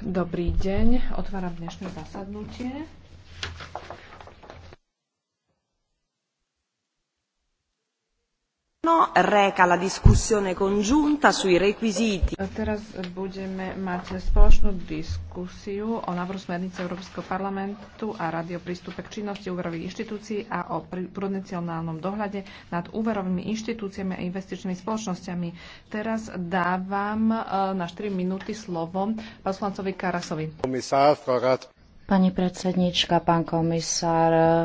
Dobrý deň, otváram dnešné zasadnutie. No, teraz budeme mať spoločnú diskusiu o návrhu smernice Európskeho parlamentu a rady o prístupe k činnosti úverových inštitúcií a o prudenciálnom dohľade nad úverovými inštitúciami a investičnými spoločnosťami. Teraz dávam e, na 4 minúty slovo poslancovi Karasovi. Pani predsednička, pán komisár,